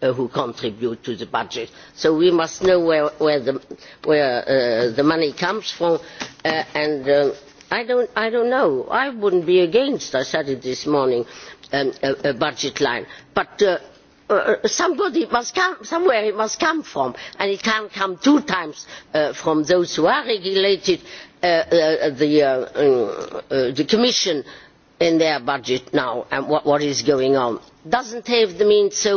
Uh, who contribute to the budget. So we must know where, where, the, where uh, the money comes from uh, and I don't, I don't know. I wouldn't be against, I said it this morning, um, a, budget line. But Uh, somebody must come somewhere it must come from and it cannot come two times from those who are regulated the, um, the commission in their budget now and what, what is going on does not have the means so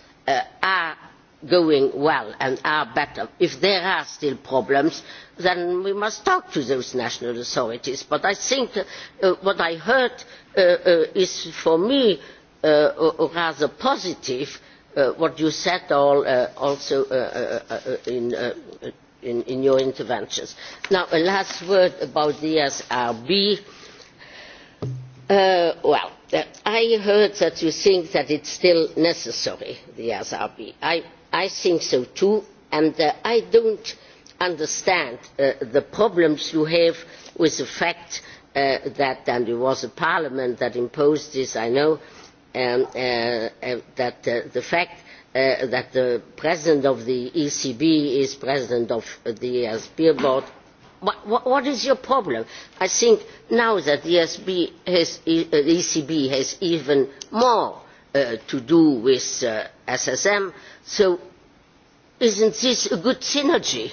Uh, are going well and are better if there are still problems then we must talk to those national authorities but i think uh, what i heard uh, is for me rather positive what you said all also in, in, your interventions. now a last word about the SRB. Uh, well uh, i heard that you think that it is still necessary the esrb. i, I think so too and uh, i do not understand the problems you have with the fact that and it was a parliament that imposed this i know that the fact that the president of the ecb is president of the esb board What, what, is your problem? I think now that the has, ECB uh, e has even more uh, to do with uh, SSM, so isn't this a good synergy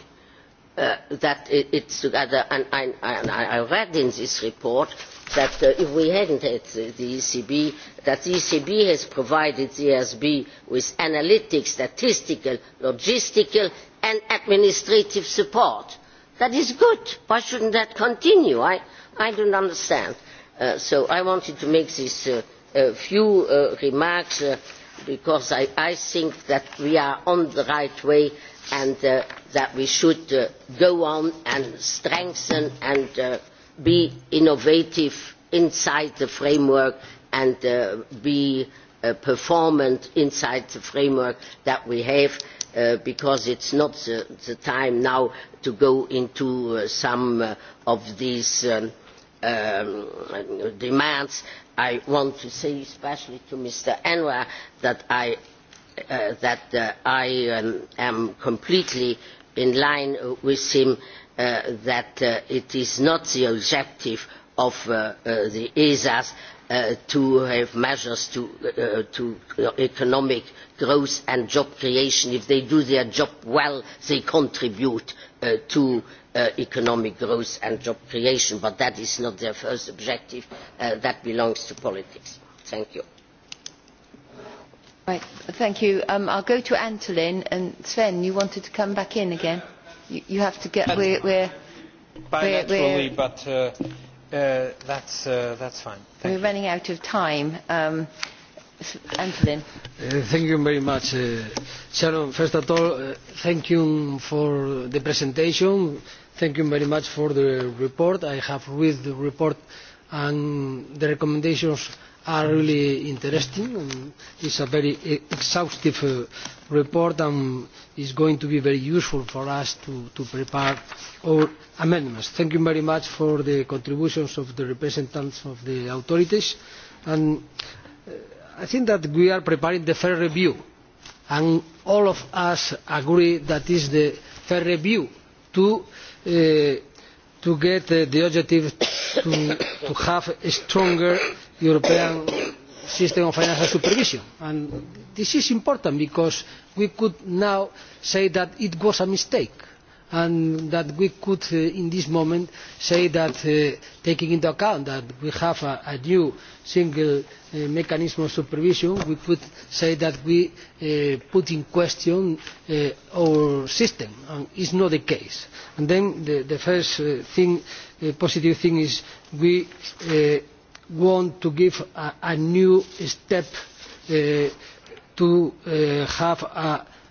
uh, that it, it's together? And, I, I read in this report that uh, if we hadn't had the, the ECB, that the ECB has provided the ESB with analytic, statistical, logistical and administrative support that is good why shouldn't that continue? i, I do not understand uh, so i wanted to make these uh, few uh, remarks because I, i think that we are on the right way and that we should go on and strengthen and be innovative inside the framework and be performant inside the framework that we have Uh, because it is not the, time now to go into uh, some uh, of these um, um, demands. I want to say especially to Mr Anwar that I, um, am completely in line with him that it is not the objective of the ESAs to have measures to economic growth and job creation. if they do their job well they contribute uh, to uh, economic growth and job creation but that is not their first objective uh, that belongs to politics. thank you. Right, thank you. Um, I'll go to Antolin and Sven. You wanted to come back in again. You, you have to get. Um, where. we're, bilaterally, we're, but that's that's fine. Thank we're running out of time. Um, Anthony. Uh, thank you very much. Uh, Sharon, first of all, uh, thank you for the presentation. Thank you very much for the report. I have read the report and the recommendations are really interesting. Um, it is a very uh, exhaustive report and it is going to be very useful for us to, to prepare our amendments. Thank you very much for the contributions of the representatives of the authorities. And i think that we are preparing the fair review and all of us agree that it is the fair review to, uh, to get uh, the objective to, have a stronger european system of financial supervision. this is important because we could now say that it was a mistake and that we could uh, in this moment say that uh, taking into account that we have a new single uh, mechanism of supervision we could say that we put in question our system and is not the case. And then the first positive thing is that we want to give a new step to have a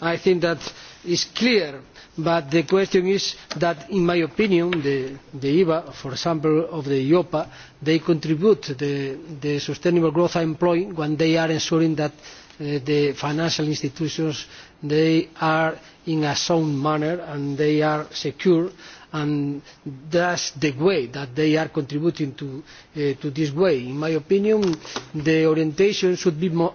i think that is clear but the question is that in my opinion the, the eba for example of the eiopa they contribute to the, sustainable growth and employment when they are ensuring that uh, the financial institutions they are in a sound manner and they are secure and that is the way that they are contributing to, uh, to this way. in my opinion the orientation should be more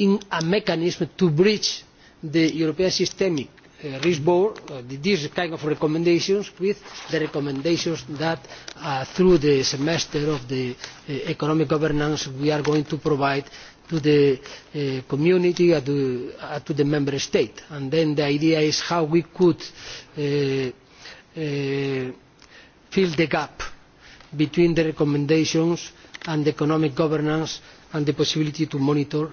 in a mechanism to bridge the european systemic uh, risk board uh, these kinds of recommendations with the recommendations that uh, through the semester of the economic governance we are going to provide to the community and to the member state. And then the idea is how we could fill the gap between the recommendations and economic governance and the possibility to monitor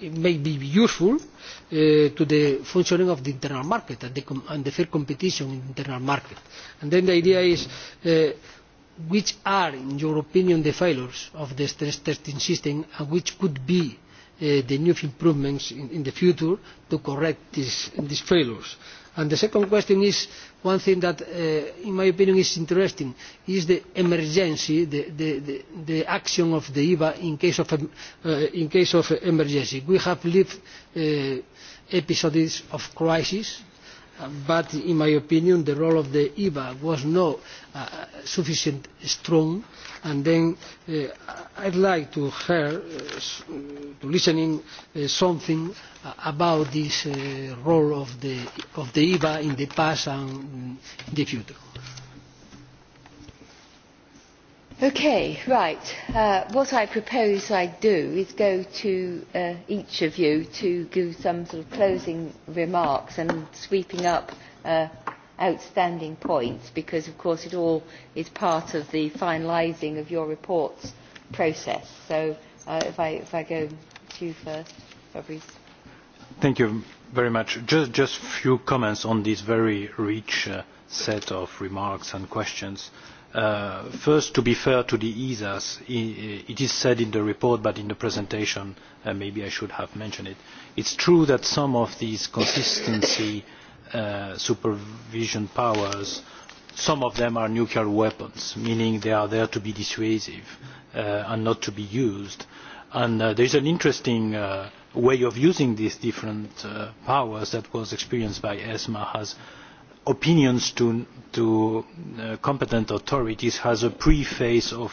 it may be useful uh, to the functioning of the internal market and the, and the fair competition in the internal market. And then the idea is uh, which are in your opinion the failures of the stress testing system and which could be uh, the new improvements in, in the future to correct these failures? the second question is one thing that uh, in my opinion is interesting is the emergency the, action of the eba in case of, um, uh, in case of emergency. we have lived uh, episodes of crisis but in my opinion the role of the eba was not sufficiently strong and then uh, I'd like to hear, uh, to listening uh, something about this role of the of the IVA in the past and in the future. Okay, right. what I propose I do is go to each of you to give some sort of closing remarks and sweeping up outstanding points because of course it all is part of the finalising of your reports process. So uh, if, I, if I go to you first, Fabrice. Thank you very much. Just, just a few comments on this very rich uh, set of remarks and questions. Uh, first, to be fair to the ESAs, it is said in the report, but in the presentation, maybe I should have mentioned it. It's true that some of these consistency Uh, supervision powers some of them are nuclear weapons meaning they are there to be dissuasive uh, and not to be used and uh, there is an interesting way of using these different powers that was experienced by esma has opinions to, competent authorities has a preface of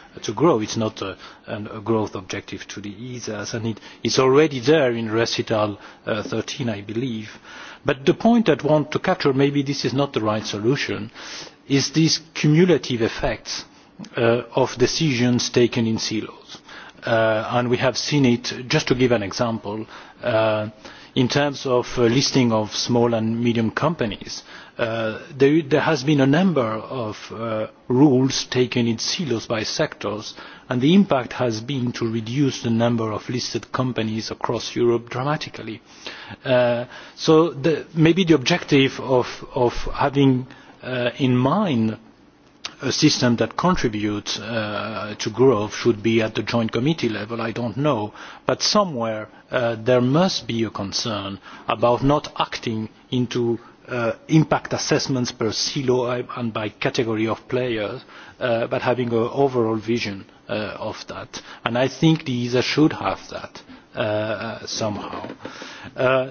to grow. It's not a, growth objective to the ESAs, and it, it's already there in Recital uh, 13, I believe. But the point I want to capture, maybe this is not the right solution, is these cumulative effects uh, of decisions taken in silos. Uh, and we have seen it, just to give an example, uh, in terms of listing of small and medium companies. Uh, there, has been a number of uh, rules taken in silos by sectors and the impact has been to reduce the number of listed companies across europe dramatically. Uh, so maybe the objective of, having in mind a system that contributes to growth should be at the joint committee level i do not know but somewhere there must be a concern about not acting into Uh, impact assessments per silo uh, and by category of players uh, but having an overall vision of that and i think the esa should have that somehow.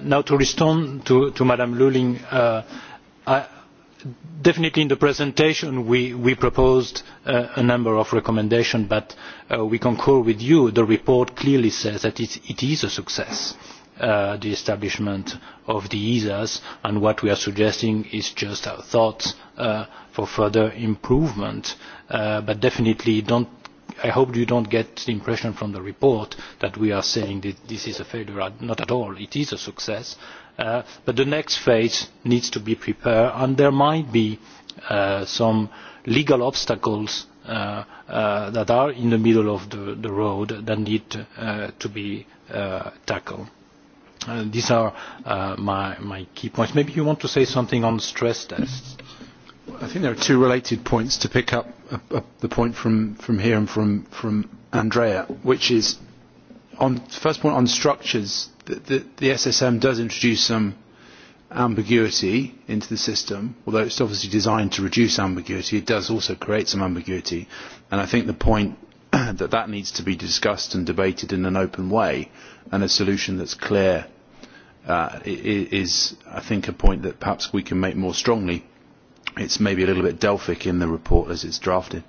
now to respond to, Ms lulling definitely in the presentation we, proposed a number of recommendations but we concur with you the report clearly says that it is a success. Uh, the establishment of the ESAs and what we are suggesting is just our thoughts uh, for further improvement. Uh, but definitely don't I hope you don't get the impression from the report that we are saying that this is a failure. Not at all. It is a success. Uh, but the next phase needs to be prepared and there might be uh, some legal obstacles Uh, uh, that are in the middle of the, the road that need uh, to be uh, tackled. Uh, these are uh, my, my key points. Maybe you want to say something on stress tests. I think there are two related points to pick up uh, uh the point from, from here and from, from Andrea, which is on first point on structures, the, the, the SSM does introduce some ambiguity into the system, although it's obviously designed to reduce ambiguity, it does also create some ambiguity. And I think the point <clears throat> that that needs to be discussed and debated in an open way and a solution that's clear uh, is, I think, a point that perhaps we can make more strongly. It's maybe a little bit Delphic in the report as it's drafted.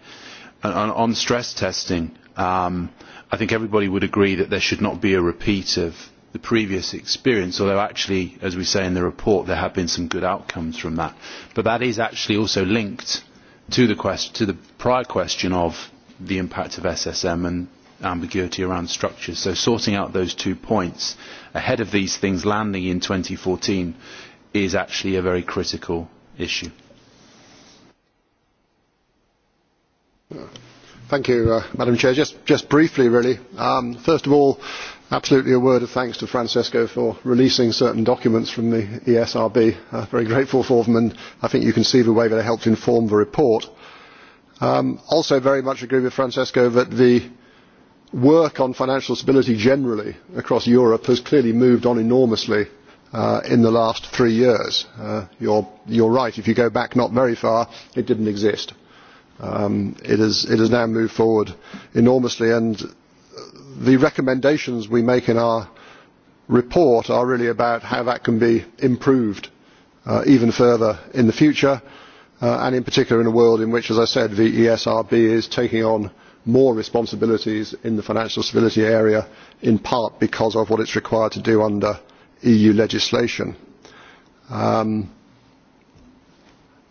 on, stress testing, um, I think everybody would agree that there should not be a repeat of the previous experience, although actually, as we say in the report, there have been some good outcomes from that. But that is actually also linked to the, quest to the prior question of the impact of SSM and ambiguity around structures. So sorting out those two points ahead of these things landing in 2014 is actually a very critical issue. Thank you, uh, Madam Chair. Just, just briefly, really. Um, first of all, absolutely a word of thanks to Francesco for releasing certain documents from the ESRB. Uh, very grateful for them, and I think you can see the way that it helped inform the report. I um, also very much agree with Francesco that the work on financial stability generally across Europe has clearly moved on enormously uh, in the last three years. Uh, you're, right, if you go back not very far, it didn't exist. Um, it, has now moved forward enormously and the recommendations we make in our report are really about how that can be improved uh, even further in the future Uh, and in particular in a world in which as i said the esrb is taking on more responsibilities in the financial stability area in part because of what it is required to do under eu legislation. Um,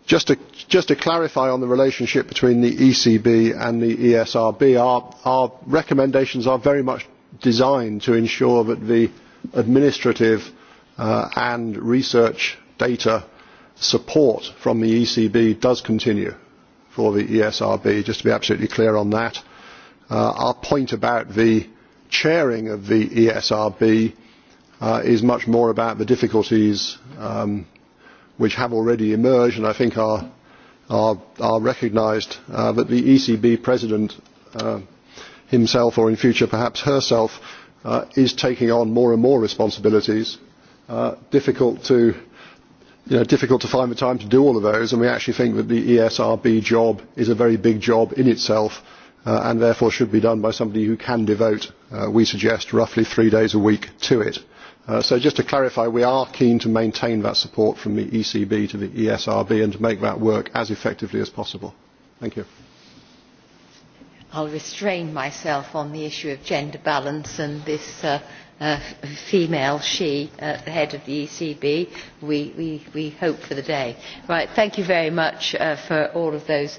just, to, clarify on the relationship between the ecb and the esrb our, recommendations are very much designed to ensure that the administrative uh, and research data support from the ECB does continue for the ESRB, just to be absolutely clear on that. Uh, our point about the chairing of the ESRB uh, is much more about the difficulties um, which have already emerged and I think are, are, recognised uh, that the ECB president himself or in future perhaps herself is taking on more and more responsibilities, difficult to you know, difficult to find the time to do all of those, and we actually think that the ESRB job is a very big job in itself uh, and therefore should be done by somebody who can devote, uh, we suggest, roughly three days a week to it. Uh, so just to clarify, we are keen to maintain that support from the ECB to the ESRB and to make that work as effectively as possible. Thank you. I'll restrain myself on the issue of gender balance and this uh, Uh, female she at uh, the head of the ECB we hope for the day right thank you very much uh, for all of those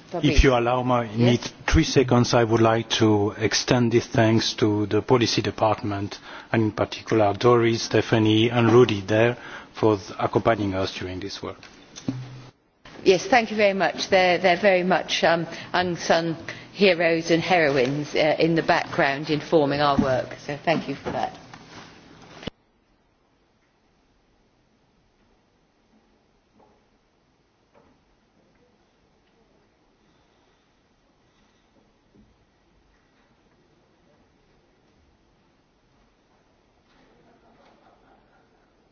If you allow me yes? three seconds, I would like to extend this thanks to the Policy Department and in particular Doris, Stephanie and Rudy there for accompanying us during this work. Yes, thank you very much. They are very much um, unsung heroes and heroines uh, in the background informing our work, so thank you for that.